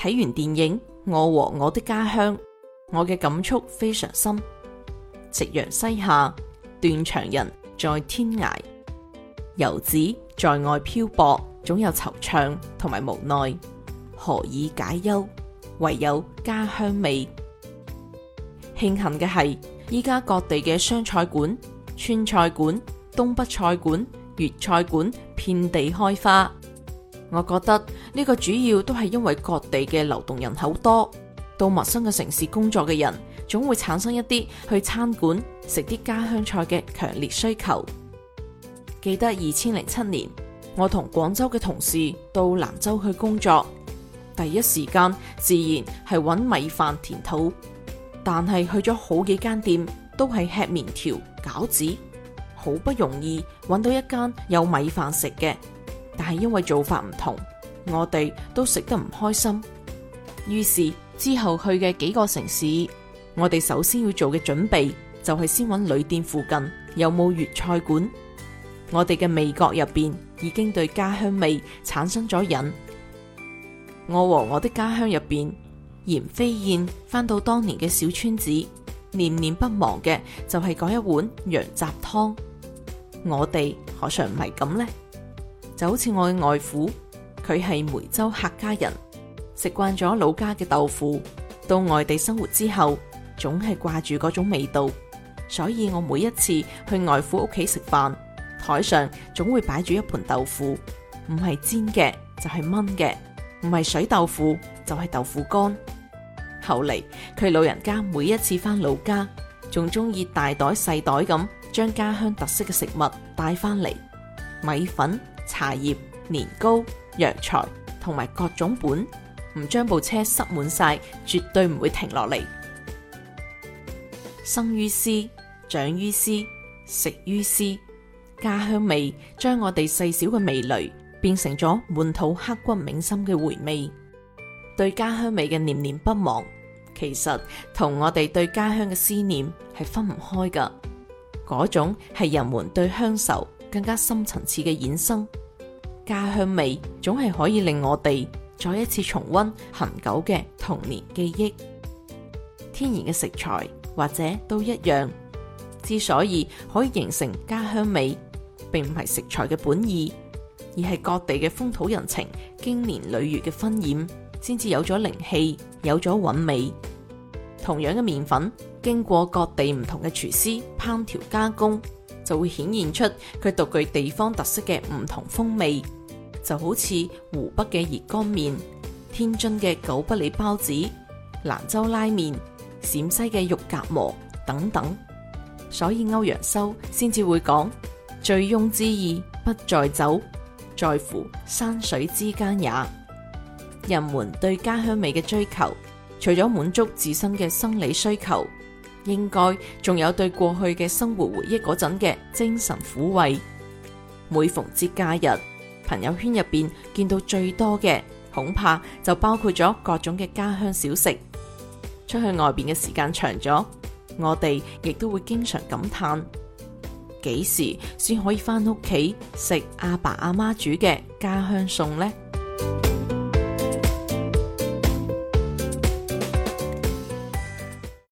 .睇完電影《我和我的家鄉》，我嘅感觸非常深。夕陽西下，斷腸人在天涯，遊子在外漂泊，總有惆悵同埋無奈，何以解憂？唯有家鄉味。慶幸嘅係，依家各地嘅湘菜館、川菜館、東北菜館、粵菜館、粵菜館遍地開花。我覺得呢個主要都係因為各地嘅流動人口多，到陌生嘅城市工作嘅人，總會產生一啲去餐館食啲家鄉菜嘅強烈需求。記得二千零七年，我同廣州嘅同事到蘭州去工作，第一時間自然係揾米飯填肚，但係去咗好幾間店都係吃麵條餃子，好不容易揾到一間有米飯食嘅。但係因為做法唔同，我哋都食得唔開心。於是之後去嘅幾個城市，我哋首先要做嘅準備就係、是、先揾旅店附近有冇粵菜館。我哋嘅味覺入邊已經對家鄉味產生咗癮。我和我的家鄉入邊，嚴飛燕返到當年嘅小村子，念念不忘嘅就係嗰一碗羊雜湯。我哋何嘗唔係咁呢？就好似我嘅外父，佢係梅州客家人，食慣咗老家嘅豆腐，到外地生活之後，總係掛住嗰種味道，所以我每一次去外父屋企食飯，台上總會擺住一盤豆腐，唔係煎嘅就係燜嘅，唔係水豆腐就係、是、豆腐乾。後嚟佢老人家每一次翻老家，仲中意大袋細袋咁將家鄉特色嘅食物帶翻嚟。米粉、茶葉、年糕、藥材同埋各種本，唔將部車塞滿晒，絕對唔會停落嚟。生於斯，長於斯，食於斯，家鄉味將我哋細小嘅味蕾變成咗滿肚刻骨銘心嘅回味。對家鄉味嘅念念不忘，其實同我哋對家鄉嘅思念係分唔開㗎。嗰種係人們對鄉愁。更加深層次嘅衍生，家鄉味總係可以令我哋再一次重溫恆久嘅童年記憶。天然嘅食材或者都一樣，之所以可以形成家鄉味，並唔係食材嘅本意，而係各地嘅風土人情、經年累月嘅熏染，先至有咗靈氣，有咗韻味。同樣嘅麵粉，經過各地唔同嘅廚師烹調加工。就會顯現出佢獨具地方特色嘅唔同風味，就好似湖北嘅熱乾麵、天津嘅狗不理包子、蘭州拉麵、陝西嘅肉夾饃等等。所以歐陽修先至會講：醉翁之意不在酒，在乎山水之間也。人們對家鄉味嘅追求，除咗滿足自身嘅生理需求。應該仲有對過去嘅生活回憶嗰陣嘅精神撫慰。每逢節假日，朋友圈入邊見到最多嘅恐怕就包括咗各種嘅家鄉小食。出去外邊嘅時間長咗，我哋亦都會經常感嘆，幾時先可以翻屋企食阿爸阿媽,媽煮嘅家鄉餸呢？